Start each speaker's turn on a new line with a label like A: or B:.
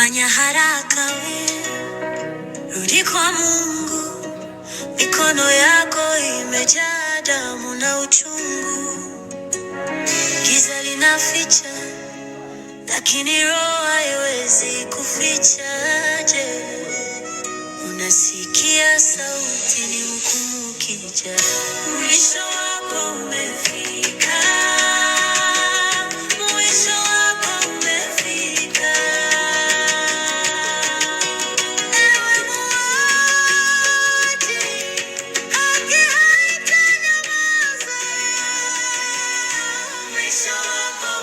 A: Fanya haraka we, rudi kwa Mungu. Mikono yako imejaa damu na uchungu. Giza linaficha, lakini roho haiwezi kuficha. Je, unasikia sauti? Ni hukumu kija, mwisho wako umefika. shine